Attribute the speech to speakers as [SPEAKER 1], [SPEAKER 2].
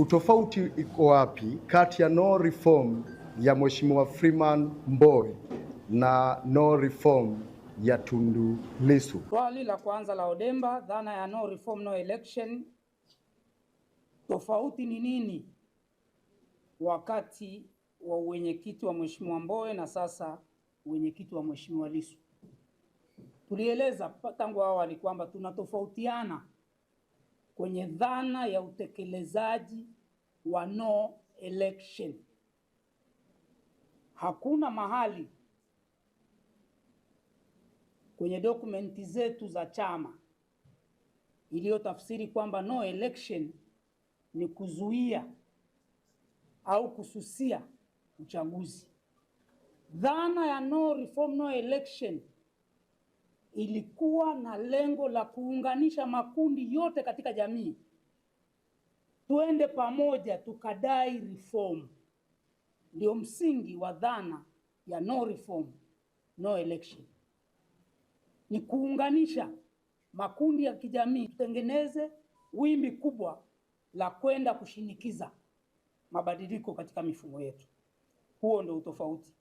[SPEAKER 1] Utofauti iko wapi kati ya no reform ya Mheshimiwa Freeman Mbowe na no reform ya Tundu Lissu?
[SPEAKER 2] Swali la kwanza la Odemba, dhana ya no reform no election, tofauti ni nini wakati wa uwenyekiti wa Mheshimiwa Mbowe na sasa uwenyekiti wa Mheshimiwa Lissu? Tulieleza tangu awali kwamba tunatofautiana kwenye dhana ya utekelezaji wa no election. Hakuna mahali kwenye dokumenti zetu za chama iliyotafsiri kwamba no election ni kuzuia au kususia uchaguzi. Dhana ya no reform no election ilikuwa na lengo la kuunganisha makundi yote katika jamii, tuende pamoja tukadai reform. Ndio msingi wa dhana ya no reform no election, ni kuunganisha makundi ya kijamii, tutengeneze wimbi kubwa la kwenda kushinikiza mabadiliko katika mifumo yetu. Huo ndio utofauti.